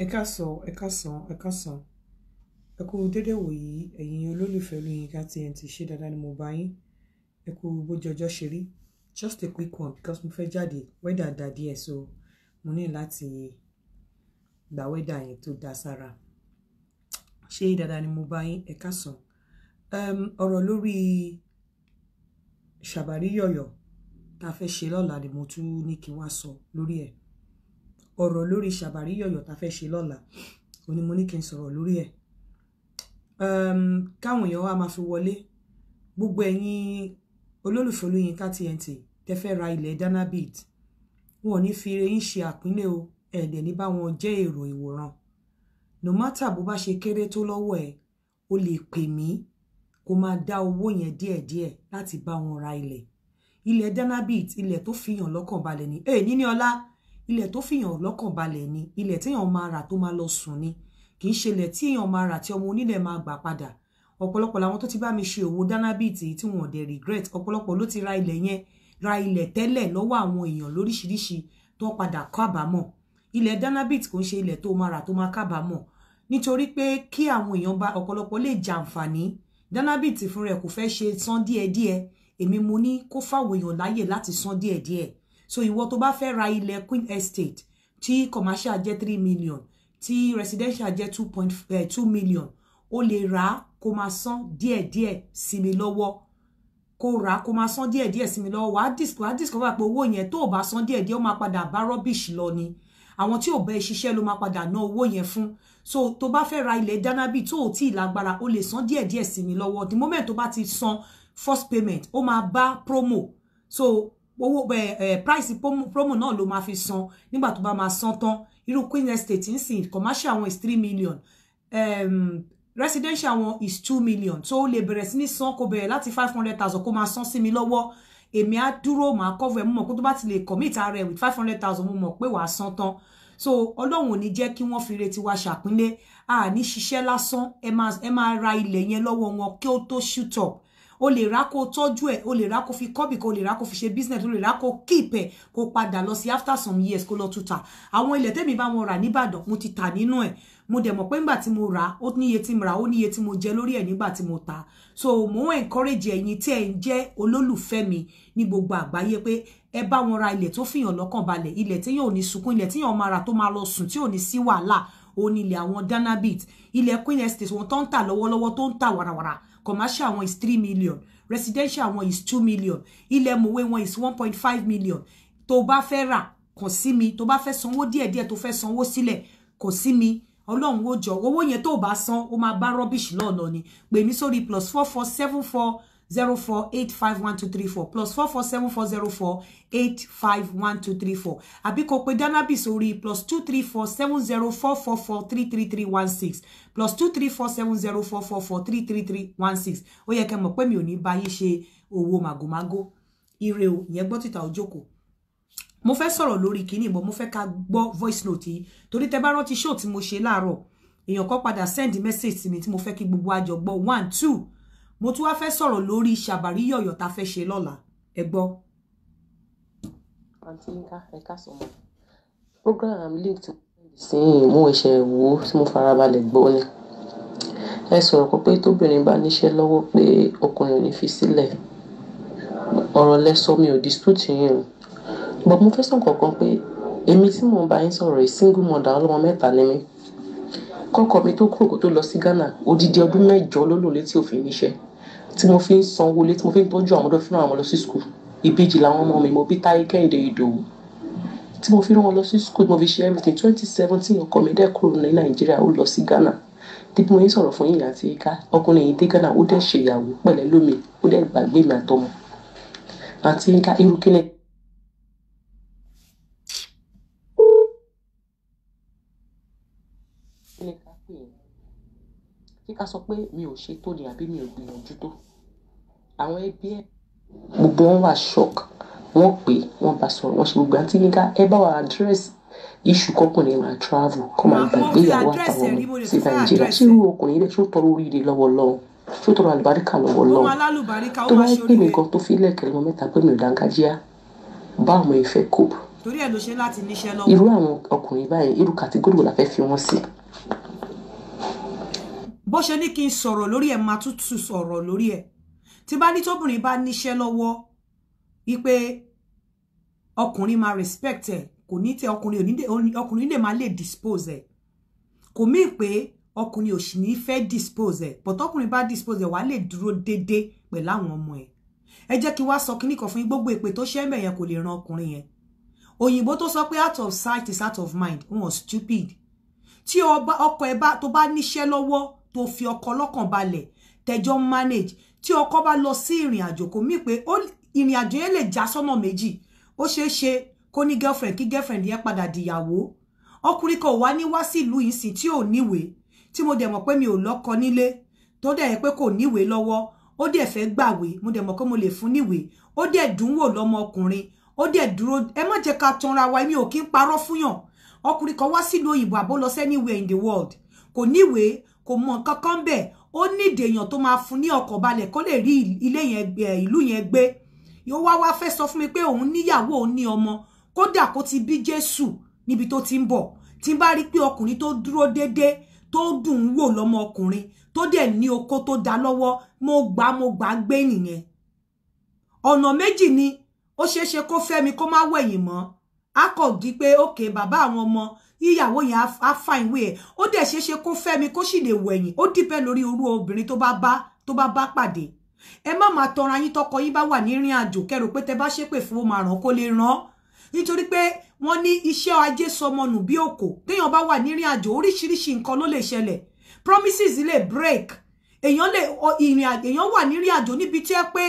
ẹ káàsán ẹ káàsán ẹ káàsán ẹ kú dédé wòyí ẹ̀yin olólùfẹ́ Olúyinka TNT ṣé dáadáa ni mo bá yín ẹ kú ṣe rí just a quick one because mo fẹ́ jáde wẹ́dà da díẹ̀ so mo ní láti gba wẹ́dà yẹn tó da sára ṣé dáadáa ni mo bá yín ẹ káàsán ehm, ọ̀rọ̀ lórí ṣàbárí yọ̀yọ̀ tá a fẹ́ ṣe lọ́la ni mo tún ní kí n wá sọ lórí ẹ̀. E ọ̀rọ̀ lórí ṣàbàrí yọ̀yọ̀ tá a fẹ́ ṣe lọ́la òní mo ní kí n sọ̀rọ̀ lórí ẹ̀ ehm, káwọn èèyàn wa máa fi wọlé gbogbo ẹ̀yin olólùfẹ́ Olóyinka TNT tẹ́ fẹ́ ra ilẹ̀ danabit wọn ò ní fi eré yín ṣe àpínlẹ̀ o ẹ̀ẹ́dẹ̀ ní bá wọn jẹ́ èrò ìwòran no matter bó bá ṣe kéré tó lọ́wọ́ ẹ̀ o lè pè mí kó máa dá owó yẹn díẹ̀díẹ̀ láti bá wọn ra ilẹ̀ ilẹ̀ danabit ilẹ̀ tó fi hàn lọ́kàn balẹ̀ ni èyí ní ọlá ilẹ̀ tó fìyàn lọ́kàn balẹ̀ ni ilẹ̀ téèyàn máa rà tó máa lọ sùn ni kì í ṣe ilẹ̀ tí èèyàn máa rà tí ọmọ onílẹ̀ máa gbà padà ọ̀pọ̀lọpọ̀ làwọn tó ti bá mi ṣe òwò dánábìtì tí wọn dẹ̀ regret ọ̀pọ̀lọpọ̀ ló ti ra ilẹ̀ yẹn ra ilẹ̀ tẹ́lẹ̀ lọ́wọ́ àwọn èèyàn lóríṣiríṣi tó padà kábàámọ̀ ilẹ̀ dánábìtì kò ń ṣe ilẹ̀ tó máa rà tó máa kábàámọ̀ nítorí pé kí àwọn èèyàn bá ọ̀pọ̀lọpọ̀ lè jàǹfààní dánábìtì fúnra ẹ̀ kò fẹ́ ṣe san díẹ̀díẹ̀ èmi mo ní kó fáwọn èèyàn láyè láti san díẹ̀díẹ̀ so ìwọ to bá fẹ́ ra ilẹ̀ Queen Estate tí commercial jẹ́ 3 million tí residential jẹ́ 2.2 point eh, million o lè rà á kó máa san díẹ̀díẹ̀ sí mi lọ́wọ́ kó rà á kó máa san díẹ̀díẹ̀ sí mi lọ́wọ́ wàá disc wàá discover pé owó yẹn tó o bá san díẹ̀díẹ̀ ó máa padà bá rubbish lọ ni àwọn tí ò bẹ ṣiṣẹ́ ló máa padà ná owó yẹn fún so to bá fẹ́ ra ilẹ̀ dánábì tó ò tí ì lágbára o lè san díẹ̀díẹ̀ sí mi lọ́wọ́ the moment to bá ti san first payment ó máa bá promo so owó eh, eh, price promo náà ló máa fi san nígbà tó bá máa san tán irú Queen Estate ń sìn commercial wọn is three million um, residential wọn is two million tó lè bẹ̀rẹ̀ sí ní san kó bẹ̀rẹ̀ láti five hundred thousand kó máa san sí mi lọ́wọ́ èmi á dúró màá cover ẹ̀ mo mọ̀ pé tó bá ti lè commit ara ẹ̀ with five hundred thousand mo mọ̀ pé wàá san tán so ọlọ́run ò ní jẹ́ kí wọ́n fi retí wa ṣàpínlẹ̀ a ní ṣiṣẹ́ lásán ẹ máa ra ilẹ̀ yẹn lọ́wọ́ wọn kí ó tó shoot up o le rà kó tọ́jú ẹ̀ o le rà kó fi kọ́bì kó o lè rà fi ṣe business o le rà kó keep ẹ̀ kó padà lọ sí after some years kó lọ tuta àwọn ilẹ̀ ba bá wọn rà nìbàdàn mo ti tà nínú ẹ̀ mo dẹ̀ mọ̀ pé ńgbà tí mo rà ó níye tí mo rà ó níye tí mo jẹ lórí ẹ̀ nígbà tí mo ta so mo encourage ẹ̀yin tí ẹ̀ ń jẹ́ olólùfẹ́ mi ní gbogbo àgbáyé pé ẹ bá wọn ra ilẹ̀ tó fìyàn lọ́kàn balẹ̀ ilẹ̀ tí yóò ní sunkún ilẹ̀ tí yóò máa rà tó máa lọ sùn tí ò ní sí wàhálà òun ilẹ̀ àwọn danabit ilẹ̀ queen estate wọn tó ń tà lọ́wọ́lọ́wọ́ tó ń tà wàràwàrà commercial one is three million residential one is two million ilẹ̀ mọ̀wé wọn is one point five million tó bá fẹ́ rà kàn sí mi tó bá fẹ́ sanwó díẹ̀díẹ̀ tó fẹ́ sanwó sílẹ̀ kò sí mi ọlọ́run ó jọ owó yẹn tó bá san ó máa bá rubbish lọ́ọ̀nà ni pè mi sórí plus four four seven four zero four eight five one two three four plus four four seven four zero four eight five one two three four àbí kò pe Danabi sórí plus two three four seven zero four four four three three three one six plus two three four seven zero four four four three three three one six ó yẹ kẹ́ mọ̀ pé mi ò ní bá yín ṣe owó màgòmágó ire o ìyẹn gbọ́ títà òjòkó mo fẹ́ sọ̀rọ̀ lórí kíní bọ̀ mo fẹ́ ká gbọ́ voice note yìí torí tẹ́ bá rántí show tí mo ṣe láàárọ̀ èèyàn kan padà send message sí mi tí mo fẹ́ kí gbogbo àjọ gbọ́ one two mo tún wá fẹ́ sọ̀rọ̀ lórí ṣàbàrí yọ̀yọ̀ tá a fẹ́ ṣe lọ́la ẹ gbọ́. àǹtí nǹka ẹ̀ka sọ̀mọ́ program link tí sìn mú ẹsẹ̀ wo tí mo farabalẹ̀ gbọ́ ni ẹ sọ̀rọ̀ pé pé tóbìnrin bá níṣẹ́ lọ́wọ́ pé ọkùnrin ò ní fi sílẹ̀ ọ̀rọ̀ lẹ́sọ mi ò dispute yín o but mo fẹ́ sọ kankan pé èmi tí mo bá yín sọ̀rọ̀ yìí single mother ọlọ́mọ mẹ́ta ni mí kọ́kọ́ mi tó kúrò kó tó lọ sí Ghana odidi ọdún mẹ́jọ ló lò létí òfin níṣẹ́ tí mo fi ń sanwó lé tí mo fi ń tọ́jú àwọn ọmọdé fún àwọn lọ sí skul ìbejì làwọn ọmọ mi mo bí táyé kẹ́hìndé ìdòwú tí mo fi rán wọn lọ sí skul mo fi ṣe everything twenty seventeen ọkọ mi dẹ́ kúrò ní nàìjíríà ó lọ sí ghana dípò mo ń sọ̀rọ̀ fún yìnyín àti ika ọkùnrin yìí dé ghana ó dẹ̀ ṣèyàwó pẹ̀lẹ́ lómi ó dẹ̀ gbàgbé mi àtọmọ àti ika irú kílẹ̀ bí ká sọ pé mi ò ṣe tó ni àbí mi ò gbìyànjú tó àwọn ẹbí ẹ gbogbo wọn wà shock wọn pè wọn bá sọ̀rọ̀ wọn ṣe gbogbo àti níka ẹ bá wa àdírẹ́sì iṣu kọkùnrin máa travel kó máa gbàgbé ìyàwó àtàwọn ọmọ sí nàìjíríà ṣé irú ọkùnrin ilé ṣó tọrọ oríire lọ́wọ́ lọ́wọ́ ṣó tọrọ àlùbáríkà lọ́wọ́ lọ́wọ́ tó bá pè mí gan tó fi lẹ́ẹ̀kẹ́rẹ́ wọn mẹ́ta pé mi ò dáńgájíá bá àwọn ìfẹ́ kò. torí ẹ ló ṣe láti níṣẹ́ lọ́wọ́. irú àwọn ọkùnrin báyìí irú kàtígórì la fẹ́ fi wọ́n sí bó ṣe ní kí n sọ̀rọ̀ lórí ẹ̀ máa tútù sọ̀rọ̀ lórí ẹ̀ tí bá ní tóbìnrin bá níṣẹ́ lọ́wọ́ wípé ọkùnrin máa respect ẹ̀ kò ní tẹ ọkùnrin ọkùnrin lè máa lè dispose ẹ̀ kò mí pé ọkùnrin ò sì ní fẹ́ dispose ẹ̀ but ọkùnrin bá dispose ẹ̀ wàá lè dúró déédéé pẹ̀lú àwọn ọmọ ẹ̀ ẹ jẹ́ kí wá sọ kíní kan fún gbogbo èpè tó ṣẹ́ mẹ̀yẹn kò lè ran ọkùnrin yẹn òyìnbó tó sọ pé out of sight is out of mind wọn stupid tí ọkọ ẹ bá tó bá níṣẹ́ lọ́wọ́ tó fi ọkọ lọ́kàn balẹ̀ tẹjọ́ manage tí ọkọ bá lọ sí ìrìn àjò kò mí pé ìrìn àjò yẹn lè já sọ́nà méjì ó ṣeé ṣe kó ní girlfriend kí girlfriend yẹn padà dìyàwó ọkùnrin kan ò wá ní wá sí ìlú yìí sí tí ò níwèé tí mo dẹ̀ mọ̀ pé mi ò lọ́kọ nílé tó dẹ̀ yẹ pé kò níwèé lọ́wọ́ ó dẹ̀ fẹ́ gbàwé mo dẹ̀ mọ̀ pé mo lè fún níwèé ó dẹ̀ dùnwò lọ́mọ ọkùnrin ó dẹ̀ dúró ẹ má jẹ́ ká tanra wa mi ò kí ń parọ́ fúyàn ọkùnrin kan wá sílùú òyìnbó àbó lọ sẹ́niwèé in the world kò níwèé kò mọ nǹkan kan bẹ́ẹ̀ ó nídìí èèyàn tó máa fún ní ọkọ̀ balẹ̀ kó lè rí ilé yẹn eh, ìlú yẹn gbé yóò wá wá fẹ́ sọ fún mi pé òun níyàwó òun ní ọmọ kódà kó ti bí Jésù níbi tó ti ń bọ̀ tí n bá rí pé ọkùnrin tó dúró déédé tó dùn ún wò lọ́mọ ọkùnrin tó dẹ̀ ní okó mo gbà mo gbà gbé nìyẹn ọ̀nà méjì ni ó ṣeé ṣe kó fẹ́ mi kó má wẹ̀yìn mọ́ a kò di pé òkè bàbá àwọn ọmọ ìyàwó yẹn á fa ìwé ẹ̀ ó dẹ̀ ṣeé ṣe kó fẹ́ mi kó sì lè wẹ̀yìn ó dìpẹ́ lórí orú obìnrin tó bá bá tó bá bá pàdé ẹ má máa tọra yín tọkọ yín bá wà ní ìrìn àjò kẹrò pé tẹ bá ṣépè fún ó máa ràn kó lè ràn nítorí pé wọ́n ní iṣẹ́ ajé sọmọnù bí òkò téèyàn bá wà ní ìrìn àjò oríṣiríṣi nǹkan ló lè ṣẹlẹ̀ promises lè break èèyàn lè ìrìn àjò èèyàn wà ní ìrìn àjò níbi tí ẹ pé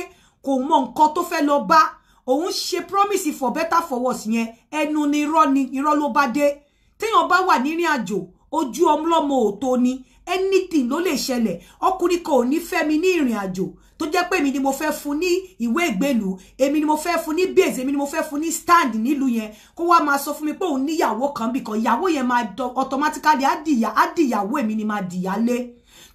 kò mọ nǹkan tó fẹ́ lọ bá òun ṣe promise for better for worse yẹn ẹnu ni irọ́ ni irọ́ ló bá dé téèyàn bá wa nírìn àjò ojú ọmọlọ́mọ òtó ni anything ló lè ṣẹlẹ̀ ọkùnrin kan ò ní fẹ́ mi ni ìrìn àjò tó jẹ́ pé èmi ni mo fe fún ní ìwé ìgbélú èmi ni mo fe fún ní base èmi ni mo fe fún ní stand nílùú yẹn kó wá máa sọ fún mi pé òun níyàwó kan bìkan ìyàwó yẹn máa automatically á dìyà á dìyàwó èmi ni máa dìyà lé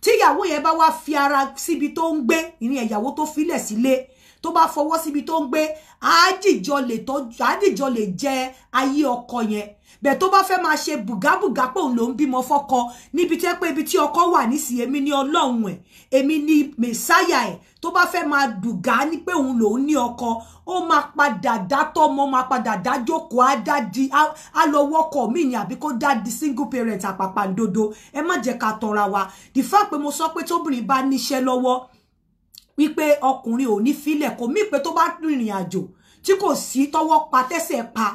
tí ìyàwó yẹn bá wá fi ara síbi tó ń gbé ìrìn ẹ̀yàwó tó filẹ̀ sílé tó bá fọwọ́ síbi tó ń gbé àádìjọ lè jẹ ayé ọkọ yẹn bẹ̀ tó bá fẹ́ máa ṣe bùgábùgá pé òun ló ń bímọ fọ́kọ níbi tí ẹ pé ibi tí ọkọ wà nísìnyí èmi ni ọlọ́run ẹ̀ èmi ni mẹ̀sáyà ẹ̀ tó bá fẹ́ máa dùgá ní pé òun lòún ní ọkọ ó máa padà dá tọmọ máa padà dá jókòó á dá ni àbí kó dá single parent àpàpàǹdodo ẹ má jẹ́ ká tanra wa the fact pé mo sọ pé tóbìnrin bá níṣẹ́ lọ́wọ́ wípé ọkùnrin ò ní filẹ̀ kò mí pé tó bá rìnrìn àjò tí kò sí tọwọ́ pa tẹ́sẹ̀ pa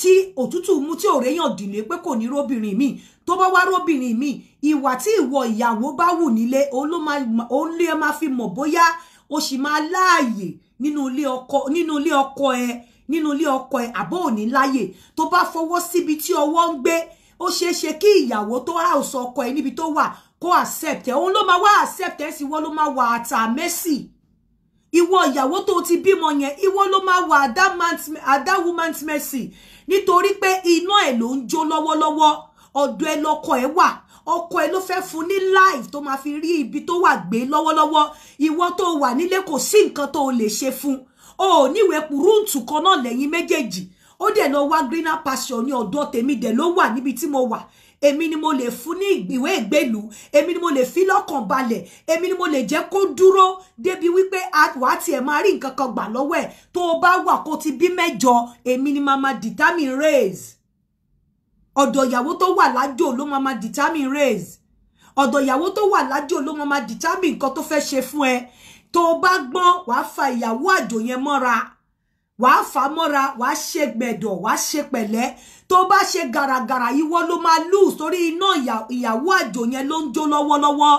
Ti òtútù mú tí òré yàn dìlé pé kò ní róbìnrin míì tó bá wá róbìnrin míì ìwà tí ìwọ ìyàwó bá wù nílé òun lé máa fi mọ̀ bóyá o sì máa láàyè nínú ilé ọkọ nínú ilé ọkọ ẹ nínú ilé ọkọ ẹ àbọ̀ òní láàyè tó bá fọwọ́ síbi tí ọwọ́ ń gbé ó ṣeé ṣe kí ìyàwó tó rà ọ̀sọ̀ ọkọ ẹ níbi tó wà kó accept ẹ òun ló máa wá accept ẹ sì wọ́n ló máa wà àtà mẹ́sì ìwọ ìyàwó tó ti bímọ yẹn ìwọ ló máa wà àdá woman's mercy nítorí pé iná ẹ̀ ló ń jó lọ́wọ́lọ́wọ́ ọ̀dọ̀ ẹ lọkọ ẹ wà ọkọ ẹ ló fẹ́ fún ní life tó máa fi rí ibi tó wà gbé lọ́wọ́lọ́wọ́ ìwọ tó wà nílé kò sí nǹkan tó lè ṣe fún o níwèé purúǹtù kan náà lẹ́yìn méjèèjì ó dẹ̀ lọ wá greener pasture ní ọ̀dọ̀ tèmi dẹ̀ ló wà níbi tí mo wà èmi ni mo lè fún ní ìwé ìgbélú èmi ni mo lè fi lọ́kàn balẹ̀ èmi ni mo lè jẹ́ kó dúró débi wípé wà á tiẹ̀ máa rí nǹkan kan gbà lọ́wọ́ ẹ̀ tó o bá wà ti bí mẹ́jọ èmi ni màmá determine raise Odo ìyàwó tó wa lájò lo mama determine raise Odo ìyàwó tó wa lájò lo mama determine nǹkan tó fẹ́ ṣe fún ẹ tó o bá gbọ́n fa ìyàwó àjò yẹn mọ́ra wàá fà mọ́ra wàá ṣe gbẹ̀dọ̀ wàá ṣe pẹ̀lẹ́ tó bá ṣe gàràgàrà ìwọ ló máa lose torí iná ìyàwó àjò yẹn ló ń jó lọ́wọ́lọ́wọ́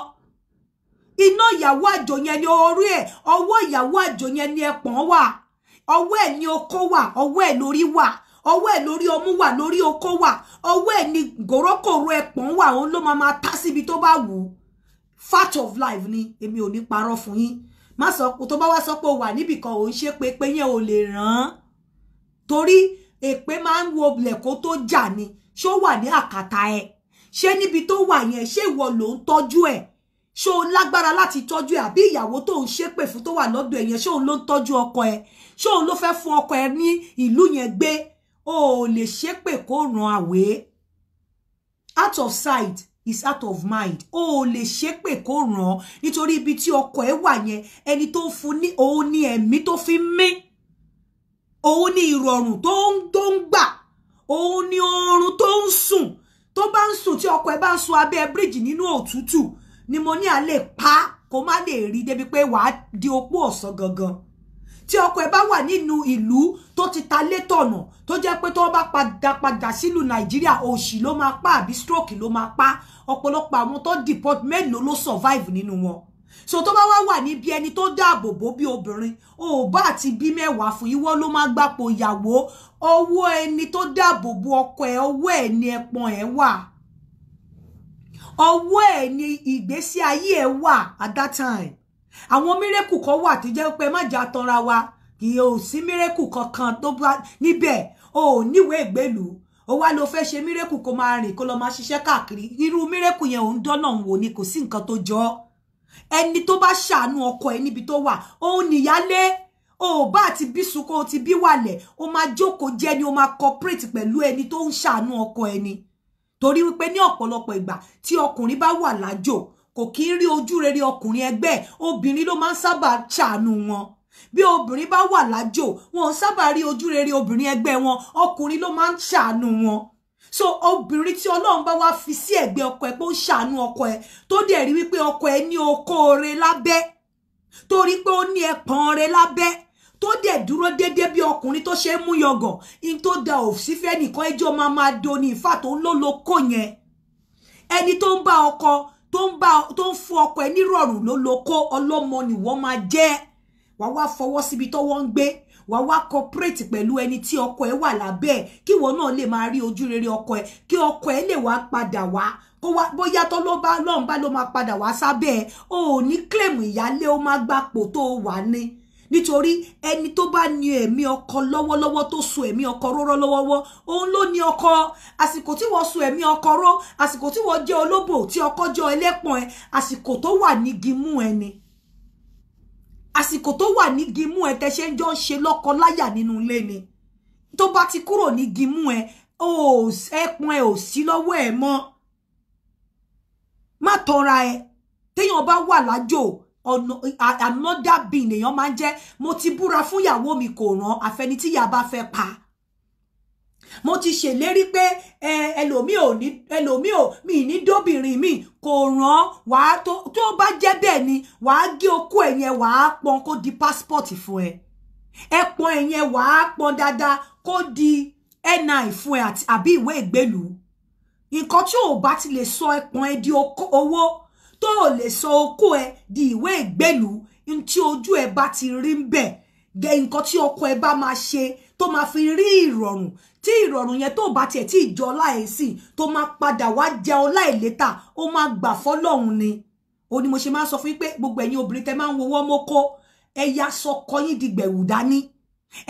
iná ìyàwó àjò yẹn ni orí ẹ̀ ọwọ́ ìyàwó àjò yẹn ni ẹpọ̀n wà ọwọ́ ẹ̀ ni okó wà ọwọ́ ẹ̀ lórí wà ọwọ́ ẹ̀ lórí ọmú wà lórí okó wà ọwọ́ ẹ̀ ni gòrókòrò ẹpọ̀n wà òun ló máa máa tá síbi tó bá wù ú fact of life ni èmi ò ní parọ́ fún yín má sọ pé tó bá wá sọ pé o wà níbì kan ò ń ṣe pé pé yẹn ò lè ràn án torí èpè máa ń wo ilẹ̀ kó ni ṣó wà ní àkàtà ẹ ṣé níbi tó wà yẹn ṣé ìwọ ló ń tọ́jú ẹ̀ ṣé o lágbára e tọ́jú ẹ àbí ìyàwó tó ń ṣépè fún tó wà lọ́dọ̀ ẹ̀ yẹn ṣé òun ló ń tọ́jú ọkọ ẹ ṣé òun ló fẹ́ fún o ò lè ṣépè kó ràn àwé out of sight is out of mind o lè ṣépè kó ràn nítorí ibi tí ọkọ ẹ wà yẹn ẹni tó fún ni òun ní ẹ̀mí tó fi mí òun ni ìrọ̀rùn tó ń tó ń gbà òun ní oorun tó ń sùn tó bá ń sùn tí ọkọ ẹ bá ń sùn abẹ́ bíríìjì nínú ni mo ní a pa kó má lè rí débi pé wàá di opó ọ̀sán gangan tí ọkọ ẹ bá wà nínú ìlú tó ti ta létọ̀nà tó jẹ́ pé tó bá padà padà sílùú nàìjíríà òṣì ló máa pa àbí stroke ló máa pa ọ̀pọ̀lọpọ̀ àwọn tó deport mélòó ló survive nínú wọn so tó bá wá wà níbi ẹni tó dáàbò bò bí obìnrin ò bá àti bí mẹ́wàá fún ìwọ ló máa gbapò ìyàwó ọwọ́ ẹni tó dáàbò bo ọkọ ẹ ọwọ́ ẹ ni ẹpọn ẹ wà ọwọ́ ẹ ni ìgbésí ayé ẹ wà at that time àwọn mírèkù kan wà tó jẹ́ pé má jà tanra wa kì í ò sí mírèkù kankan tó bá níbẹ̀ o ò níwèé ìgbélùú ó wá ló fẹ́ ṣe mírèkù kó máa rìn kó lọ máa ṣiṣẹ́ káàkiri irú mírèkù yẹn òun dọ́nà wò ni kò sí nǹkan tó jọ ẹni tó bá ṣàánú ọkọ ẹ níbi tó wà òun nìyálé o bá ti bísun kó ti bí wàlẹ̀ o máa jókòó jẹ́ ni o máa cooperate pẹ̀lú ẹni tó ń ṣàánú ọkọ ẹni torí wípé ní ọ̀pọ̀lọpọ̀ ìgbà tí ọkùnrin bá wà lájò kò kí ń rí ojú rere ọkùnrin ẹgbẹ́ obìnrin ló máa ń sábà ṣàánú wọn bí obìnrin bá wà lájò wọn sábà rí ojú rere obìnrin ẹgbẹ́ wọn ọkùnrin ló máa ń ṣàánú wọn so obìnrin tí ọlọ́run bá wá fi sí ẹ̀gbẹ́ ọkọ ẹ̀ pé ó ń ṣàánú ọkọ ẹ̀ tó dẹ̀ rí wípé ọkọ ẹ̀ ní okóore lábẹ́ torí pé ó ní ẹpọ̀n rẹ lábẹ́ tó dẹ̀ dúró déédéé bí ọkùnrin tó ṣe é mú yangàn in tó da òfìsífẹ́ nìkan ẹjọ́ máa máa do ìfà tó ń lólokó yẹn ẹni tó ń bá ọkọ tó ń bá tó ń fún ọkọ ẹ nírọ̀rùn ló lo kó ọlọ́mọ ni wọ́n máa jẹ́ wàá wá fọwọ́ síbi tọ́wọ́ ń gbé wà wá cooperate pẹ̀lú ẹni tí ọkọ ẹ wà lábẹ́ ẹ̀ kí wọn náà lè máa rí ojú rere ọkọ ẹ kí ọkọ ẹ lè wá padà wá kó wá bóyá tó ló bá lọ́n bá ló máa padà wá sábẹ́ ẹ o ò ní claim ìyálé ó máa gbapò tó wà ní nítorí ẹni tó bá ní ẹ̀mí ọkọ lọ́wọ́lọ́wọ́ tó so ẹ̀mí ọkọ róró lọ́wọ́wọ́ òun ló ní ọkọ àsìkò tí wọ́n so ẹ̀mí ọkọ ró àsìkò tí wọ́n jẹ́ olóbò tí ọkọ jọ ẹlẹ́pọ̀n ẹ àsìkò tó wà ní gimú ẹni àsìkò tó wà ní gimú ẹ tẹ jọ ń ṣe lọ́kọ láyà nínú ilé ni tó bá ti kúrò ní gimú ẹ ẹpọn ẹ ò sí lọ́wọ́ ẹ mọ́ má tọra ẹ téèyàn bá wà lájò ọ̀nà another being èèyàn máa ń jẹ́ mo ti búra fún ìyàwó mi kò ràn àfẹni tí ìyá bá fẹ́ pa mo ti ṣèlérí pé ẹlòmíì ò ní ẹlòmíì ò mi ni dóbìnrin mi kò ràn wàá tó bá jẹ́ bẹ́ẹ̀ ni wàá gé okó ẹ̀ wa wàá pọn di passport fún ẹ ẹ pọn ẹ̀ yẹn wàá pọn dáadáa kó di ni fún ẹ àbí ìwé ìgbélùú nǹkan tí ò bá ti lè sọ ẹ pọn ẹ di owó tó o lè sọ okó ẹ di ìwé ìgbélú n tí ojú ẹ bá ti rí ń bẹ̀ gẹ nǹkan tí ọkọ ẹ bá máa ṣe tó máa fi rí ìrọ̀rùn tí ìrọ̀rùn yẹn tó bá tiẹ̀ tí ìjọ láìsí tó máa padà wá jẹun láìlétà ó máa gbà fọ́lọ́hun ni ó ní mo ṣe máa sọ fún yín pé gbogbo ẹ̀yin obìnrin tẹ́ máa ń wọwọ́ mọ́kó ẹ ya sọkọ yín di gbẹ̀wù dání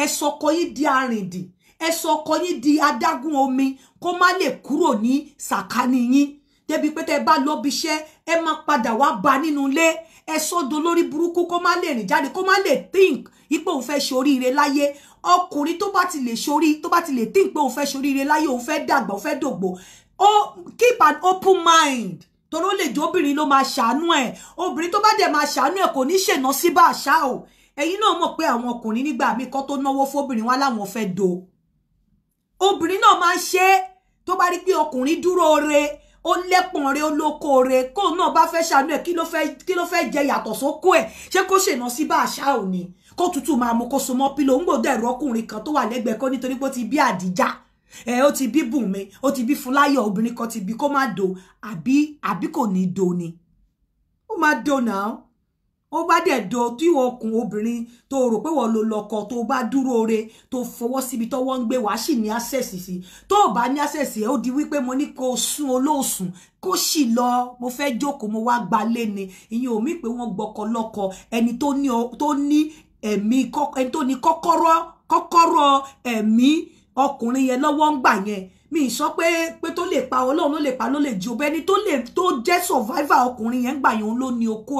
ẹ sọkọ yín di arìndì ẹ sọkọ yín di adágún omi kó má lè kúrò ní sàkání yín débi pé tẹ́ bá lọ bíṣẹ́ ẹ máa padà wá bá nínú ilé ẹ sọ́dọ̀ lórí burúkú kó má lè rìn jáde kó má lè think ipò òun fẹ́ ṣoríire láyé ọkùnrin tó bá ti lè ṣorí tó bá ti lè think pé òun fẹ́ ṣoríire láyé òun fẹ́ dàgbà òun fẹ́ dògbò ó keep an open mind toró lè jẹ́ obìnrin ló máa ṣàánú ẹ̀ obìnrin tó bá dẹ̀ máa ṣàánú ẹ̀ kò ní ṣènà sí bá àṣà o ẹ̀yin náà mọ̀ pé àwọn ọkùnrin nígbà míì kan tó náwó fóbìnrin wá láwọn fẹ́ do obìnrin náà máa ń ṣe é tó bá rí pé ọkùnrin dúró re ó lẹ́pọ̀n rẹ ó lóko rẹ kóun náà bá fẹ́ ṣàánú ẹ̀ kí ló fẹ́ jẹ yàtọ̀ sóko ẹ̀ ṣé kó ṣèná sí bá àṣà òní kó tútù máa mú kó so mọ́ pílò ń gbòdò ẹ̀rọ ọkùnrin kan tó wà lẹ́gbẹ̀ẹ́ kó nítorí pé ó ti bí àdíjà ẹ ó ti bí bùnmi ó ti bí fúláyọ̀ obìnrin kan ti bí kó má do àbí àbí kò ní do ni ó má do náà O ba de do tí okùn obìnrin tó rò pé wọ́n lo lọ́kọ tó bá dúró re tó fọwọ́ síbi tọ́wọ́ ń gbé wàá sì ní access sí tó bá ní access ẹ̀ ó di wípé mo ní kó sún olóòsùn kó sì lọ mo fẹ́ jókòó mo wá gbalé ni ìyẹn ò mí pé wọ́n gbọ́kọ lọ́kọ ẹni tó ní ẹ̀mí ẹni tó ní kọ́kọ́rọ́ kọ́kọ́rọ́ ẹ̀mí ọkùnrin yẹn lọ́wọ́ ń gbà yẹn mi so pé pé to le pa ọlọ́run ló le pa ló lè jí obẹ́ni tó lè tó jẹ́ survivor ọkùnrin yẹn ń gbà yẹn òun ló ní okó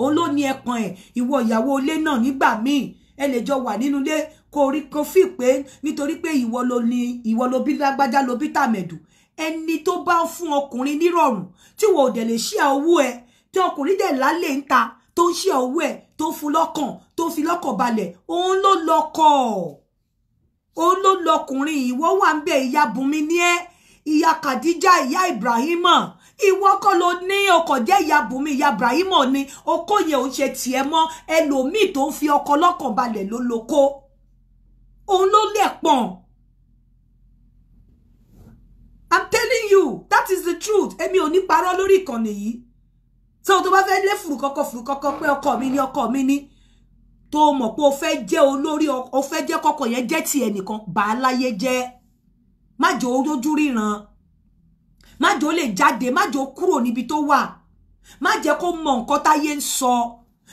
òun ló ní ẹpọn ẹ ìwọ ìyàwó ilé náà nígbà míì ẹ lè jọ wà nínú ilé kò rí kò fi pé nítorí pé ìwọ ló ní ìwọ ló bí lágbájá ló bí tàmẹ̀dù ẹni tó bá ń fún ọkùnrin nírọ̀rùn tí wọn ò dẹ̀ lè ṣí owó ẹ tí ọkùnrin dẹ̀ lálẹ́ ń ta tó ń ṣí owó ẹ tó fi lọ́kàn balẹ̀ òun ló lọ́kọ̀ òun ló lọkùnrin ìwọ wà ń bẹ ìyá bùnmi ní ẹ ìyá kàdíjà ibrahima ìwọ kọ́ ló ní ọkọ̀ jẹ́ ìyá bùnmi ìyá brahima ni okó yẹn ò ń ṣe tiẹ̀ mọ́ ẹlòmíì tó ń fi ọkọ̀ lọ́kàn balẹ̀ ló lóko òun ló lẹ̀ pọ̀n. I'm telling you that is the truth èmi ò ní parọ́ lórí ìkànnì yìí so tó bá fẹ́ lé fùrùkọ́kọ́ fùrùkọ́kọ́ pé ọkọ mi ni ọkọ mi ni tó mọ̀ pé o fẹ́ jẹ́ olórí o fẹ́ jẹ́ kọ́kọ́ yẹn jẹ́ ti ẹnìkan bàá láyé jẹ́ má jẹ́ orójú ríran má jẹ́ ó lè jáde má jẹ́ ó kúrò níbi tó wà má jẹ́ kó mọ nǹkan táyé ń sọ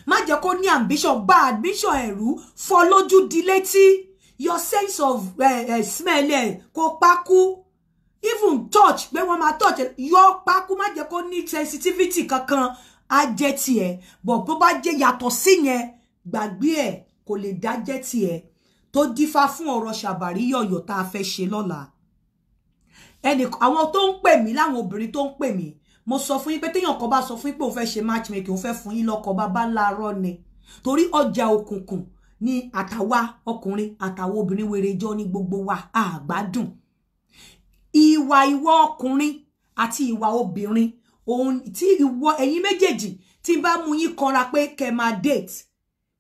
má jẹ́ ambition gba ambition eru, fọ́ lójú di your sense of uh, uh, smell eh, kó pákú even touch pé wọ́n ma touch yọ paku má jẹ́ kó ní sensitivity kankan a jẹ́ tiẹ̀ bọ̀ bó bá jẹ́ yàtọ̀ sí yẹn gbàgbé ẹ̀ kò lè dá jẹ́ tiẹ̀ tó dífá fún ọ̀rọ̀ ṣàbàrí yọ̀yọ̀ tá a fẹ́ ṣe lọ́la ẹnì àwọn tó ń pè mí láwọn obìnrin tó ń pè mí mo sọ fún yín pé téèyàn kan bá sọ fún yín pé òun fẹ́ ṣe matchmaking òun fẹ́ fún yín lọ́kọ bàbá láàárọ̀ ni torí ọjà òkùnkùn ni àtàwa ọkùnrin àtàwa obìnrin wèrè ní gbogbo wa àgbádùn ìwà ìwọ ọkùnrin àti ìwà obìnrin òun tí ìwọ ẹ̀yin méjèèjì tí bá mú yín kanra pé kẹ́ máa date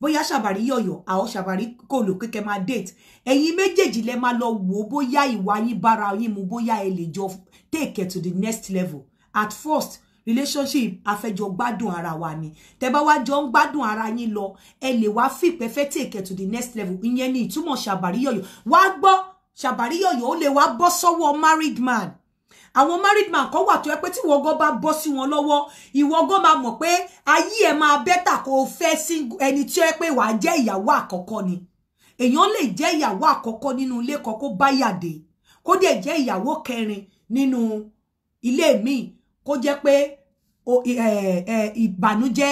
bóyá ṣàbàrí yọ̀yọ̀ àwọn ṣàbàrí kòlò pé kẹ́ máa date ẹ̀yin méjèèjì lẹ máa lọ wò bóyá ìwà yín bára yín mu bóyá ẹ lè jọ take it to the next level at first relationship afẹjọ gbádùn ara wa ni tẹ́ bá wá jọ ń gbádùn ara yín lọ ẹ lè wá fìpẹ fẹ take it to the next level ìyẹn ni ìtumọ̀ ṣàbàríyọyọ wá gbọ́ ṣàbàríyọyọ ó lè wá bọ́ sọ́wọ́ married man àwọn married man kan wà tó yẹ pé tí ìwọ gan bá bọ́ sí wọn lọ́wọ́ ìwọ gan máa mọ̀ pé ayé ẹ̀ máa bẹ́tà kó o fẹ́ sí ẹni tí ó yẹ pé wàá jẹ́ ìyàwó àkọ́kọ́ ni èèyàn lè jẹ́ ìyàwó àkọ́kọ́ nínú ilé kan kó bá yàdé kó dẹ̀ jẹ́ ìyàwó kẹrin nínú ilé míì kó jẹ́ pé ìbànújẹ́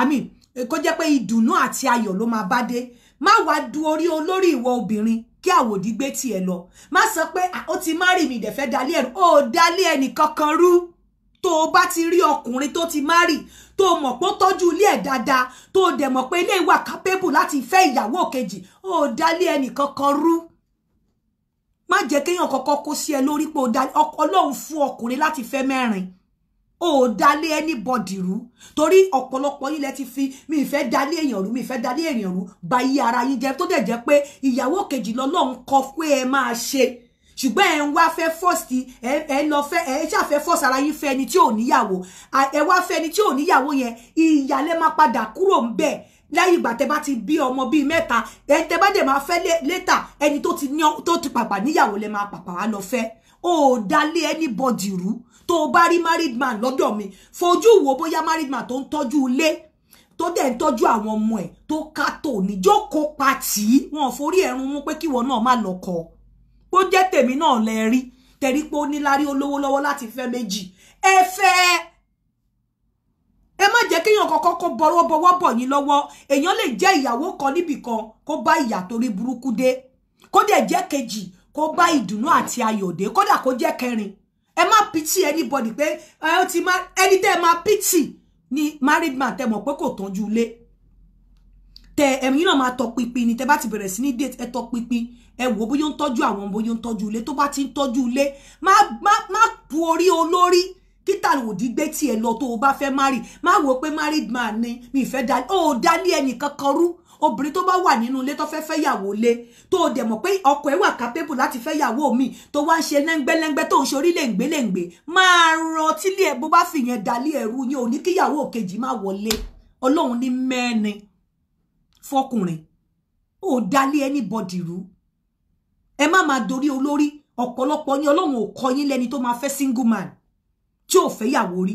i mean kó jẹ́ pé ìdùnnú àti ayọ̀ ló máa bá dé má wá du orí olórí ìwọ obìnrin kí àwòdì gbé tiẹ̀ lọ má sọ pé ó ti má rí mi dẹ̀ fẹ́ dalé ẹ̀rú ó dalé ẹnì kankan rú tó o bá ti rí ọkùnrin tó ti márì tó o mọ̀ pé ó tọ́jú ilé ẹ̀ dáadáa tó o dẹ̀ mọ̀ pé ilé ìwà kápẹ́bù láti fẹ́ ìyàwó kejì ó dálé ẹnìkan kan rú má jẹ́ kéèyàn kọ́kọ́ kó sí ẹ lórí pé ọlọ́run fún ọkùnrin láti fẹ́ mẹ́rin o dalé anybody rú torí ọ̀pọ̀lọpọ̀ yín lẹ ti fi mi ìfẹ́ dalé èèyàn rú mi ìfẹ́ dalé èèyàn rú ba iye ara yín jẹ́ tó dẹ̀ jẹ́ pé ìyàwó kejì lọ́lọ́run kọ pé ẹ máa ṣe ṣùgbọ́n ẹ̀ ń wá fẹ́ fọ́ọ̀sì ẹ̀ ń lọ fẹ́ ẹ̀ ṣàfẹ́ fọ́ọ̀sì ara yín fẹ́ ẹni tí ò níyàwó ẹ̀ wá fẹ́ ẹni tí ò níyàwó yẹn ìyàlẹ́ máa padà kúrò ń bẹ̀ láyé ìgbà tẹ bá ti bí ọmọ bíi mẹ́ta ẹ̀ tẹ bá dẹ̀ máa fẹ́ létà ẹni tó ti pàpà níyàwó lẹ máa pàpà wá lọ fẹ́ o ò dalé anybody rú tó o bá rí married man lọ́dọ̀ mi fojú wo bóyá married man tó ń tọ́jú ilé tó dẹ̀ ń tọ́jú àwọn ọmọ ẹ̀ tó ká tò níjókòó pa tì í wọn ò forí ẹ̀rùn mú pé kíwọ náà má lọ́kọ̀ọ́ bó jẹ́ tèmi náà lẹ rí tẹ̀rí pé ó níláárí olówó lọ́wọ́ láti fẹ́ méjì ẹ fẹ́ ẹ má jẹ́ kéèyàn kankan kó bọ́wọ́ bọ́wọ́ bọ̀ yín lọ́wọ́ èèyàn lè jẹ́ ìyàwó kan níbì kan kó bá ìyà torí burúkú dé kó dẹ̀ jẹ́ kejì kó bá ìdùnnú àti ayọ̀ dé kódà kó jẹ́ kẹrin ẹ má pity anybody pé ẹni tẹ́ ẹ má pity ni married man tẹ́ mọ̀ pé kò tọ́jú ilé tẹ ẹ̀yin náà máa tọpinpin ni tẹ bá ti bẹ̀rẹ̀ sí ní date ẹ tọpinpin ẹ wò bóyá ń tọ́jú àwọn bóyá ń tọ́jú ilé tó bá ti ń tọ́jú ilé má má má bu orí olórí títà lò dí gbé tiẹ̀ lọ tó o bá fẹ́ marry má wò pé married man ni mi fẹ́ dá ó dálé ẹnìkan kan rú obìnrin tó bá wà nínú ilé tó fẹ́ fẹ́ yàwó lé tó o dẹ̀ mọ̀ pé ọkọ ẹ̀ wà capable láti fẹ́ yàwó mi tó wá ń ṣe lẹ́ngbẹ́lẹ́ngbẹ́ tó ń ṣe orí lẹ́ǹgbẹ́ lẹ́ǹgbẹ́ máa ran tílé ẹ̀ bó bá fìyẹn dálé ẹ̀rú ni ò ní kíyàwó kejì má wọlé ọlọ́run ní mẹ́ni fọkùnrin ò dalé anybody rú ẹ má máa dorí olórí ọ̀pọ̀lọpọ̀ ní ọlọ́run ò kọ yín lẹ́ni tó máa fẹ́ single man tí ò fẹ́ yàwó rí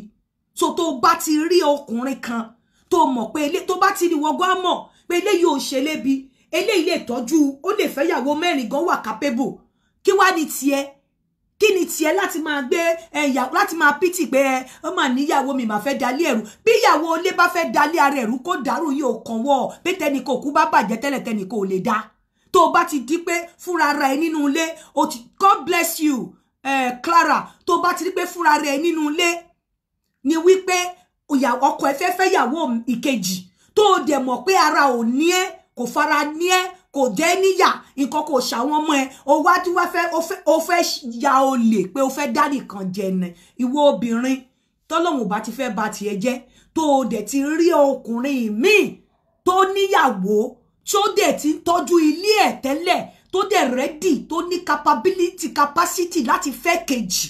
so tó bá ti rí ọkùnrin kan tó mọ̀ pé ilé tó bá ti rí á mọ̀ pé eléyìí ò ṣe lébi eléyìí lè tọ́jú ó lè fẹ́ yàwó mẹ́rin gan wà capable kí wá ní tiẹ̀ kí ni tiẹ̀ láti máa gbé ẹ̀yà láti máa pítì pé ẹ ọ mà níyàwó mi mà fẹ́ dalé ẹ̀rù bí ìyàwó ilé bá fẹ́ dalé ara ẹ̀rù kó dàrú yìí ò kàn wọ́ pé tẹnìkan òkú bá bàjẹ́ tẹ́lẹ̀ tẹnìkan ò lè dá tó o bá ti di pé fúnra ara ẹ nínú ilé o ti God bless you eh, Clara tó o bá ti di pé fúnra ara ẹ nínú ilé ni wípé ọkọ ẹ fẹ́ fẹ́ yàwó ìkejì tó o dẹ̀ mọ̀ pé ara ò ní ẹ kò fara ní ẹ kò jẹ́ níyà nǹkan kò ṣàwọn ọmọ ẹ o wájú wá fẹ́ o fẹ́ ya olè pé o fẹ́ dá nìkan jẹ ni ìwọ obìnrin tọ́lọ́hùn bá ti fẹ́ ba tiẹ̀ jẹ́ tó o dẹ̀ ti rí ọkùnrin míì tó níyàwó tó dẹ̀ ti ń tọ́jú ilé ẹ̀ tẹ́lẹ̀ tó dẹ̀ rẹ́dì tó ní capability capacity láti fẹ́ kejì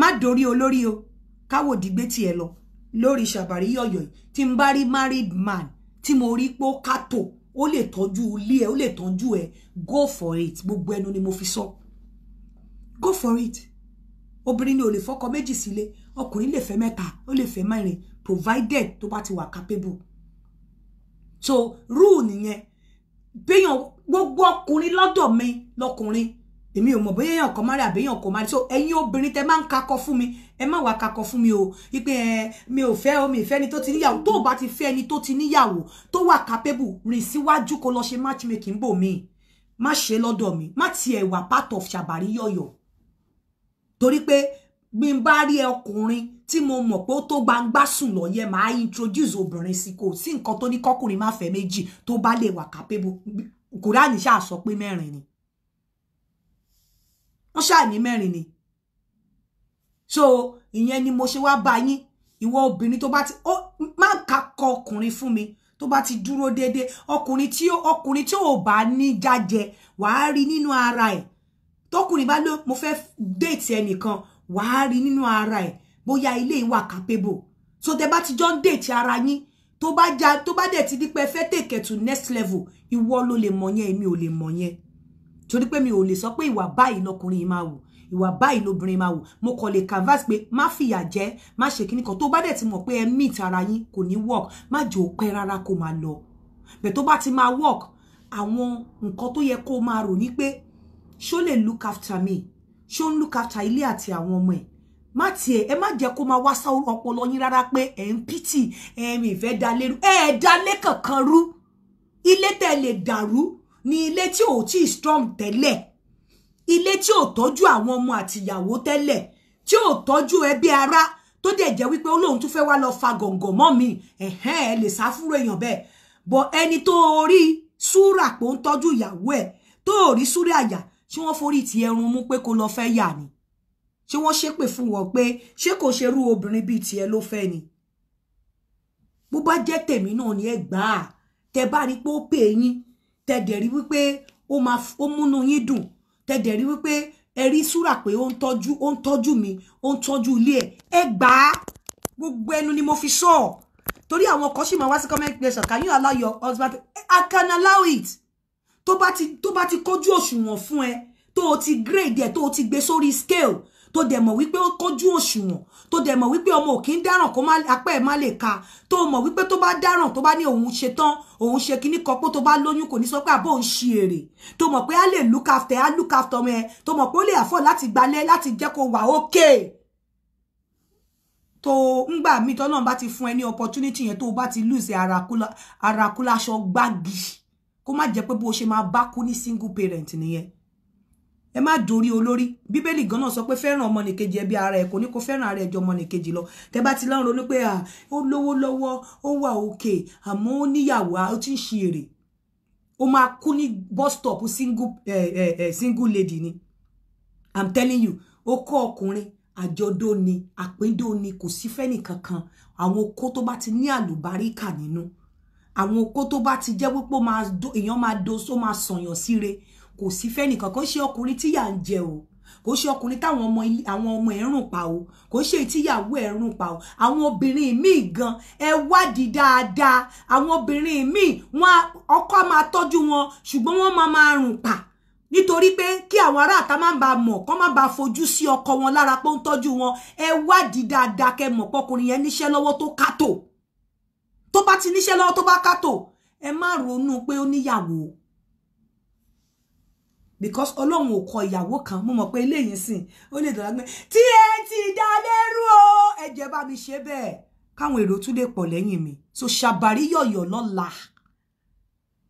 má dorí olórí o káwò dìgbé tiẹ̀ lọ lórí ṣàbàrí yọ̀yọ̀ tí n bá rí married man tí mo rí pé ó kàtó ó lè tọ́jú ilé ẹ ó lè tọ́jú ẹ go for it gbogbo ẹnu ni mo fi sọ go for it obìnrin ni ò lè fọkọ méjì sílé ọkùnrin lè fẹ́ mẹ́ta ó lè fẹ́ mẹ́rin provided tó bá ti wà capable so rule nìyẹn béèyàn gbogbo ọkùnrin lọ́dọ̀ mi lọkùnrin èmi ò mọ̀ bóyá èèyàn kan márì àbí èèyàn kò márì so ẹ̀yin obìnrin tẹ máa ń kakọ fún mi ẹ má wàá kakọ fún mi o ipe ẹ mi ò fẹ́ o mi ìfẹ́ ẹni tó ti níyàwó tó o ti fẹ́ ẹni tó ti níyàwó tó wà capable rìn síwájú kó lọ ṣe matchmaking bò mí má ṣe lọ́dọ̀ mi má tiẹ̀ wà part of ṣàbàrí yoyo, torí pé bí n bá rí ọkùnrin tí mo mọ̀ pé ó tó gbangba sùn lọ́yẹ máa introduce obìnrin sí kò sí nǹkan to ní kọkùnrin má fẹ́ méjì tó bá lè wà capable kùránì ṣáà sọ pé mẹ́rin ni wọ́n ṣáà ní ni so ìyẹn ni mo ṣe wá bá yín ìwọ obìnrin tó bá ti ó máa ń kakọ ọkùnrin fún mi tó bá ti dúró déédéé ọkùnrin tí ọkùnrin tí ò bá ní jájẹ wàá rí nínú ara ẹ̀ tọkùnrin bá ló mo fẹ́ déètì ẹnìkan wàá rí nínú ara ẹ̀ bóyá ilé ìwà capable so tẹ́ bá ti jọ ń déètì ara yín tó bá dẹ̀ ti di pé fẹ́ tèkẹ̀ to next level ìwọ ló lè mọ̀ yẹn èmi ò lè mọ̀ yẹn torí pé mi ò lè sọ pé ìwà báyìí lọkùnrin máa wù ìwà báyìí lobìnrin máa wù mo kàn lè canvas pé má fìyà jẹ má ṣe kíní kan tó bá dẹ̀ ti mọ̀ pé ẹ meet ara yín kò ní work má jò pẹ́ rárá kó máa lọ bẹ̀ tó bá ti máa work àwọn nǹkan tó yẹ kó máa rò ní pé ṣó lè look after me ṣó ń look after ilé àti àwọn ọmọ ẹ̀ má tiẹ̀ ẹ má jẹ́ kó máa wá sáwọ́ ọpọlọ yín rárá pé ẹ̀ ń pìtì ẹ̀ ń ìfẹ́ dalérú ẹ̀ ẹ̀ dalé kankan rú ilé tẹ̀ lè dàrú Ni ilé tí ò tí strong tẹ́lẹ̀ ilé tí ò tọ́jú àwọn ọmọ àtìyàwó tẹ́lẹ̀ tí ò tọ́jú ẹbí ará tó dẹ̀ jẹ́ wípé olóhun tún fẹ́ wá lọ fa gọ̀ǹgọ̀ mọ́ mi ẹ̀hẹ́n ẹ lè sá fúnra èèyàn bẹ́ẹ̀ bọ̀ ẹni tó rí súrà pé ó ń tọ́jú ìyàwó ẹ̀ tó rí súrà àyà ṣé wọ́n forí ti ẹrun mú pé kó lọ fẹ́ yà ni ṣé wọ́n ṣépè fún wọn pé ṣé kò ṣe irú obìnrin bíi tiẹ̀ ló fẹ́ ni bó bá jẹ́ tèmi náà ni ẹ gbà á tẹ bá rí pé ó pè yín tẹ̀dẹ̀ rí wípé ó máa ó múnú yín dùn tẹ̀dẹ̀ rí wípé ẹ rí súrà pé ó ń tọ́jú ó ń tọ́jú mi ó ń tọ́jú ilé ẹ̀ ẹ gbà á gbogbo ẹnu ni mo fi sọ ọ́ torí àwọn kan sì máa wá sí comment section can you allow your husband I can allow it tó bá ti tó bá ti kójú òṣùwọ̀n fún ẹ tó o ti grade ẹ tó o ti gbé sórí scale To dẹ̀ mọ̀ wípé ó kójú òṣùwọ̀n tó dẹ̀ mọ̀ wípé ọmọ òkè ń dáràn kó apẹ́ ẹ̀ má lè ka tó mọ̀ wípé tó bá dáràn to bá ní òun ṣe tán òun ṣe kíní kan pé tó bá lóyún kò ní sọ pé àbọ̀ òun ṣe èrè tó mọ̀ pé look after á look after me. To mo mọ̀ pé ó lè afford láti gbalẹ̀ láti jẹ́ kó okay To ńgbà míì tọ́lọ́run ba ti fún any opportunity yẹn to ba ti lose arakula arakula aṣọ gbági kó má jẹ́ pé bó o ṣe máa bá kú ní single parent nìyẹn ẹ má dorí olórí bíbélì gan náà sọ pé fẹ́ràn ọmọnìkejì ẹbí ara ẹ̀ kò ní kó fẹ́ràn ara ẹ̀ ju ọmọnìkejì lọ tẹ́ bá ti lọ́n ronú pé à ó lówó lọ́wọ́ ó wà òkè àmọ́ ó níyàwó ó ti ń ṣe èrè ó máa kú ní bus stop single, eh, eh, single lady ni i'm telling you ó kọ́ ọkùnrin àjọdó ni àpéndó ni kò sí fẹ́nì kankan àwọn okó tó bá ti ní àlùbáríkà nínú àwọn okó tó bá ti jẹ́ wípé èèyàn máa do só máa sọ̀yàn síre kò sí fẹ́nìkan kò ṣe ọkùnrin tíyà ń jẹ o kò ṣe ọkùnrin táwọn ọmọ àwọn ọmọ ẹ̀ pa o kò ṣe ìtìyàwó ẹ̀ ń pa o àwọn obìnrin míì gan ẹ wádìí dáadáa àwọn obìnrin míì wọn ọkọ máa tọ́jú wọn ṣùgbọ́n wọ́n máa máa rùn pa nítorí pé kí àwọn ará àta máa ń ba mọ̀ kán máa ba fojú sí ọkọ wọn lára pé ó ń tọ́jú wọn ẹ wádìí dáadáa kẹ́ mọ̀ pọkùnrin yẹn níṣẹ́ lọ́wọ́ tó kátó tó bá ti níṣẹ́ lọ́wọ́ tó bá kátó ẹ má ronú pé ó níyàwó because ọlọ́run ò kọ ìyàwó kan mo mọ̀ pé eléyìí sìn ó lè dọ̀la gbé tí ẹ ti dá lẹ́rú o ẹ bá mi ṣe bẹ́ẹ̀ káwọn èrò tún lè pọ̀ lẹ́yìn mi so ṣàbàrí yọ̀yọ̀ lọ́la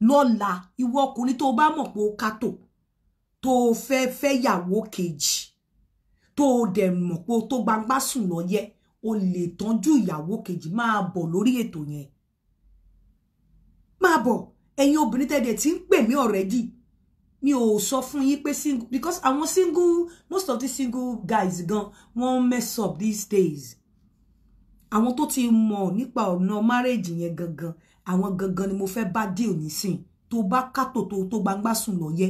lọ́la ìwọ ọkùnrin tó bá mọ̀ pé ó kátó tó fẹ́ fẹ́ yàwó kejì tó dẹ̀ mọ̀ pé ó tó gbangbá sùn lọ́yẹ́ o lè tọ́jú ìyàwó kejì máa bọ̀ lórí ètò yẹn máa bọ̀ ẹ̀yin obìnrin tẹ̀dẹ̀ tí ń pè mí ọ̀rẹ́dì mi ò sọ fún yín pé single because àwọn single most of the single guys gan wọ́n mess up these days àwọn tó ti mọ̀ nípa ọ̀nà márèèjì yẹn gangan àwọn gangan ni mo fẹ́ bá deal nísìn tó bá kàtò tó tó gbangba sùn lọ yẹ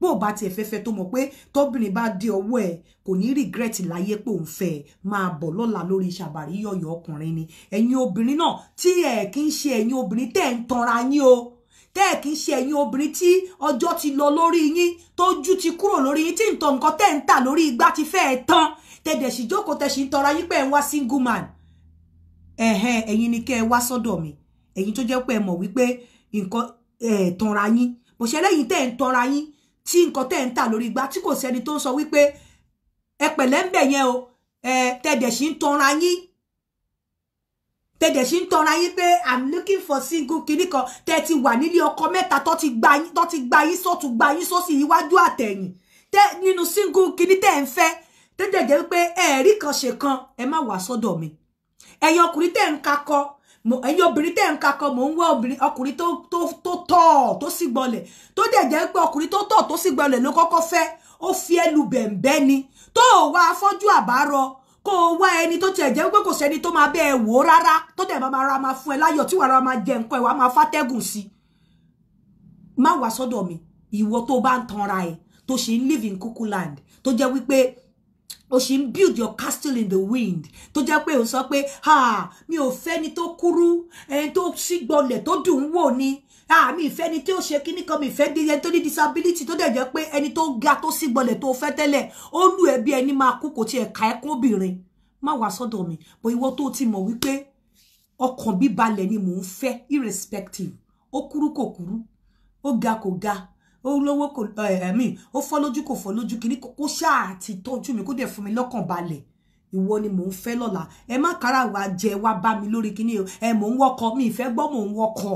bó bá fe fẹ́fẹ́ tó mọ̀ pé tọ́bìnrin bá dé ọwọ́ ẹ̀ kò ní regret laye pé òun fẹ́ ẹ̀ máa bọ̀ lọ́la lórí ṣàbàrí yọ̀yọ̀ ọkùnrin ni ẹ̀yin obìnrin náà tí ẹ̀ kì í ṣe ẹ̀yin obìnrin tẹ̀ tanra yín o tẹ́ ẹ̀ kì í ṣe ẹ̀yin obìnrin tí ọjọ́ ti lọ lórí yín tójú ti kúrò lórí yín tí nǹkan nǹkan tẹ́ ń tà lórí igbá ti fẹ́ ẹ̀ tán tẹ̀dẹ̀ sì jókòó tẹ̀ sì ń tọra yín pé ẹ̀ ń wá single man ẹ̀hẹ́n ẹ̀yin ni kẹ́ ẹ wá sọ́dọ̀ mi ẹ̀yin tó jẹ́ pé ẹ mọ̀ wípé nǹkan ẹ̀ tanra yín bó ṣe lẹ́yìn tẹ́ ẹ̀ ń tanra yín tí nǹkan tẹ́ ń tà lórí igbá tí kò sẹ́ni tó ń sọ wípé ẹ pẹ̀lẹ́ ń bẹ̀ yẹn o ẹ̀ tẹ̀dẹ̀ sì ń tanra yín tẹ̀dẹ̀ sí ń tọra yín pé i'm looking for single kinní kan tẹ́ ti wà nílé ọkọ mẹ́ta tó ti gba yín tó ti gba yín sọ́tún gba yín sósì iwájú àtẹ̀yìn tẹ́ nínú single kinní tẹ́ ń fẹ́ tẹ́jẹ̀ jẹ́ pé ẹ̀ẹ́rí kan ṣe kan ẹ má wá sọ́dọ̀ mi ẹ̀yin ọkùnrin tẹ́ ń kakọ ẹ̀yin obìnrin tẹ́ ń kakọ mò ń wá ọkùnrin tó tọ̀ tó sì gbọlẹ̀ tó dẹ̀ jẹ́ pé ọkùnrin tó tọ̀ tó sì gbọlẹ̀ ló kọ́kọ́ fẹ́ ó fi ẹnu bẹ̀ǹbẹ́ ni tó wá afọ́jú àbárọ̀ kó o wá ẹni tó tiẹ̀ jẹ́ pé kò sẹ́ni tó máa bẹ́ ẹ wò ó rárá tó dẹ̀ máa ra máa fún ẹ láyọ̀ tí wàá ra máa jẹ nǹkan ẹ̀ wàá máa fátẹ́gùn sí i má wá sọ́dọ̀ mi ìwọ tó bá ń tanra ẹ̀ tó ṣe ń live cuckoo land tó jẹ́ wípé o ṣì ń build your castle in the wind tó jẹ́ pé o sọ pé ha mi ò fẹ́ ni tó kúrú ẹni tó sì gbọlẹ̀ tó dùn wò ni ha mi ìfẹ́ ni tí ó ṣe kíní kan mi ìfẹ́ di ẹni tó ní disability tó dẹ̀ jẹ́ pé ẹni tó ga tó sì gbọlẹ̀ tó fẹ́ tẹ́lẹ̀ ó lù ẹ́ bí ẹni máa kú kò tiẹ̀ ka ẹ́ kóbìnrin má wàá sọ́dọ̀ mi bó ìwọ tó ti mọ̀ wípé ọkàn bíbalẹ̀ ni mò ń fẹ́ irrespective ó kúrú kò kúrú ó ga kò ga ó lówó kò ẹ̀mí eh, ó fọ́ lójú kò fọ́ lójú kìíní kó ṣáà ti tọ́jú mi kó dẹ̀ fún mi lọ́kàn balẹ̀ ìwọ ni mò ń fẹ́ lọ́la ẹ má kára wa jẹ wá bá mi lórí kìíní o ẹ mò ń wọkọ mi ìfẹ́ gbọ́ mò ń wọkọ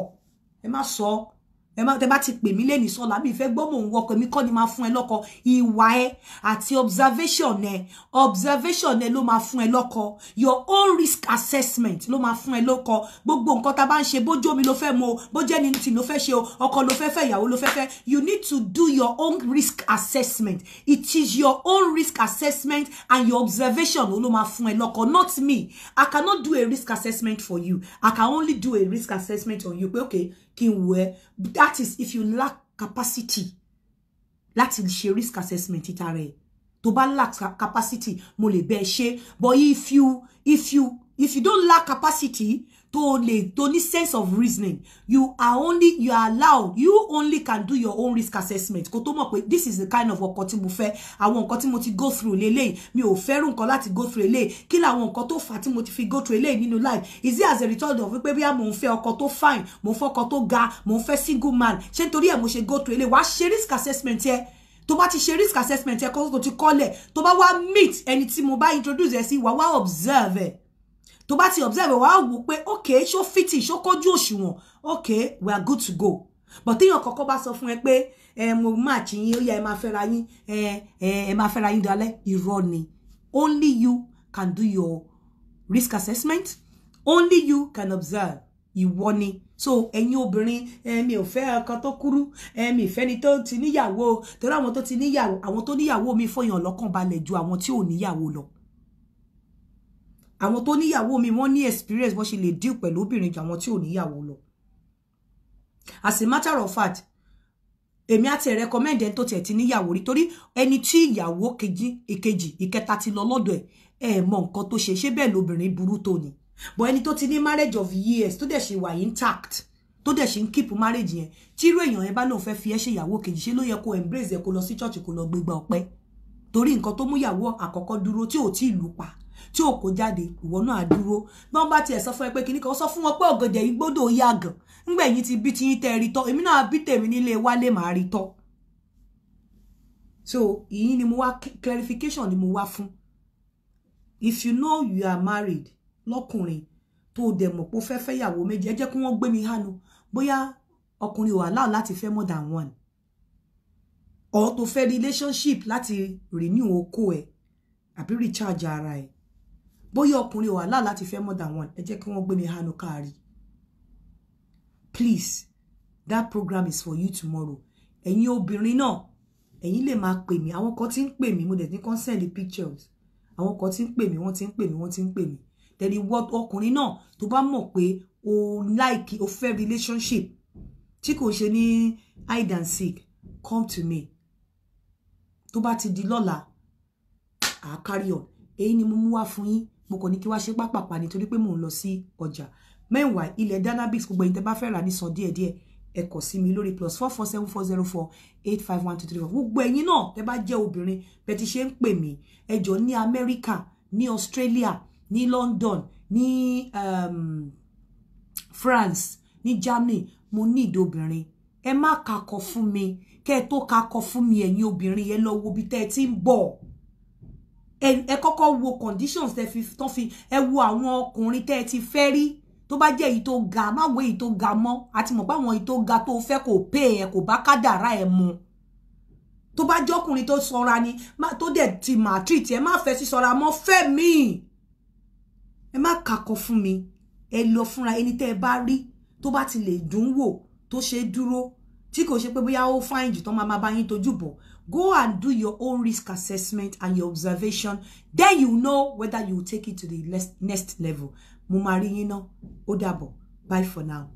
ẹ má sọ ẹ má tẹ bá ti pè mí lẹ́ni sọ́la mi ìfẹ́ gbọ́ mò ń wọkọ̀ mi kọ́ ni máa fún ẹ loko ìwà ẹ àti observation ẹ observation ẹ ló máa fún ẹ lọ́kọ your own risk assessment lo ma fún ẹ lọ́kọ gbogbo nǹkan tá a bá ń ṣe bójú omi ló fẹ́ mu o bójú ẹni fe ló fẹ́ ṣe o ọkọ ló fẹ́ fẹ́ ìyàwó ló fẹ́ fẹ́ you need to do your own risk assessment it is your own risk assessment and your observation ló ma fún ẹ lọ́kọ not me i cannot do a risk assessment for you i can only do a risk assessment on you pé okay that is if you lack capacity láti ṣe risk assessment títà rẹ̀ tó lack capacity mo lè bẹ́ẹ̀ but if you if you if you don't lack capacity tó le tó ní sense of reasoning you are only you are allowed you only can do your own risk assessment kó tó mọ̀ pé this is the kind of ọkọ tí mo fẹ́ àwọn nǹkan tí mo ti go through leléyìí mi ò fẹ́rù nǹkan láti go through eléyìí kí làwọn nǹkan tó fà tí mo ti fi go through eléyìí nínú life is it as a result of pé bí mo ń fẹ́ ọkọ fine mo ń fẹ́ ọkọ ga mo ń single man ṣé nítorí ẹ̀ mo ṣe go through eléyìí wàá ṣe risk assessment yẹn tó bá ti ṣe risk assessment yẹn kó tó ti kọ́lẹ̀ tó bá wa meet ẹni tí mo bá introduce ẹ sí wa wá observe ẹ̀ tó bá ti observe wàá wò pé okay ṣó fìtì ṣó kójú òṣùwọ̀n okay we are good to go but téèyàn kọ́kọ́ bá sọ fún ẹ pé ẹ mo match yín ó yá ẹ máa fẹ́ra eh, ẹ ẹ máa fẹ́ra yín dalẹ́ irọ́ ni only you can do your risk assessment only you can observe ìwọ ni so eh, ẹ̀yin obìnrin ẹmi ò fẹ́ ọkọ tó kúrú ẹmi ìfẹ́ni tó ti níyàwó torí àwọn tó ti níyàwó àwọn tó níyàwó mi fọyàn lọ́kàn balẹ̀ ju àwọn tí ò níyàwó lọ àwọn tó níyàwó mi wọ́n ní experience bó ṣe lè deal pẹ̀lú obìnrin ju àwọn tí ò níyàwó lọ as a matter of fact èmi àti ẹ recommend ẹni tó tiẹ̀ ti níyàwó rí torí ẹni tí ìyàwó kejì ìkejì ìkẹta ti lọ lọ́dọ̀ ẹ̀ ẹ̀ mọ nǹkan tó ṣe ṣé bẹ́ẹ̀ lobìnrin burú tó ni but ẹni tó ti ní marriage of years tó dẹ̀ ṣe wà intact tó dẹ̀ ṣe ń keep marriage yẹn tí irú èèyàn ẹ bá lóun fẹ́ fi ẹ́ ṣe ìyàwó kejì ṣé ló yẹ kó embrace ẹ kó lọ sí church kó lọ gbégbá ọpẹ́ torí nǹkan tó mú ìyàwó àkọ́kọ́ dúró tí ò tí ì lù pa tí ò kó jáde ìwọ náà dúró bọ́n bá tiẹ̀ sọ fún ẹ pé kíní kan sọ fún wọn pé ọ̀gọ̀dẹ̀ yìí gbọ́dọ̀ yàgàn ńgbẹ̀ yín ti bí tiyín tẹ́ rí tọ́ èmi náà bí tèmi nílé wálé màá rí tọ́ so ìyín ni mo wá clarification ni mo wá fún if you know you are married lọ́kùnrin tó dẹ̀ mọ̀ pé ó fẹ́ fẹ́yàwó méjì ẹ jẹ́ kí wọ́n gbé mi hánu bóyá ọkùnrin ò allow láti fẹ́ more than one or tó fẹ́ relationship láti renew oko ẹ̀ àbí recharge ara ẹ̀ bóyá ọkùnrin wà láà láti fẹ́ more than one ẹ jẹ́ kí wọ́n gbé mi hànú káàrí please that program is for you tomorrow ẹ̀yin obìnrin náà ẹ̀yin lè máa pè mí àwọn kan tí ń pè mí mo dẹ̀ ti kàn send pictures àwọn kan tí ń pè mí wọ́n ti ń pè mí wọ́n ti ń pè mí tẹ̀lé ọkùnrin náà tó bá mọ̀ pé o like o fẹ́ relationship tí kò ṣe ní hide and seek come to me tó bá ti di lọ́la àá carry on èyí ni mo mú wá fún yín mo kàn ní kí wá ṣe pápápá nítorí pé mò ń lọ sí ọjà meanwhile ilẹ̀ Danabix gbogbo ẹ̀yin tẹ́ bá fẹ́ rà ní sọ díẹ̀díẹ̀ ẹ kọ sí mi lórí plus four four seven four zero four eight five one two three four gbogbo ẹ̀yin náà tẹ́ bá jẹ́ obìnrin bẹ́ẹ̀ ti ṣe ń pè mí ẹjọ́ ní Amẹ́ríkà ní Australia ní London ní um, France ní Germany mo ní ìdí obìnrin ẹ má kakọ fún mi kẹ́ ẹ tó kakọ fún mi ẹ̀yin obìnrin yẹn lọ wo bí tẹ́ ẹ ti ń bọ̀ ẹ kọ́kọ́ wo conditions tẹ́ fi tán fi ẹ wo àwọn ọkùnrin tẹ́ ẹ ti fẹ́ rí tó bá jẹ́ èyí tó ga má wo èyí tó ga mọ́ àti mọ̀ báwọn èyí tó ga tó fẹ́ kò pé ẹ kò bá kádàrá ẹ mu tó bá jọkùnrin tó sanra ni tó dẹ̀ ti mà treat ẹ má fẹ́ sí sanra mọ́ fẹ́ mi ẹ má kakọ fún mi ẹ lọ fúnra ẹni tẹ́ ẹ bá rí tó ti lè dùn wò tó ṣe dúró tí kò ṣe pé bóyá ó fáìn jù tán máa máa bá Go and do your own risk assessment and your observation. Then you know whether you take it to the next level. Mumari, you know, yín Bye for now.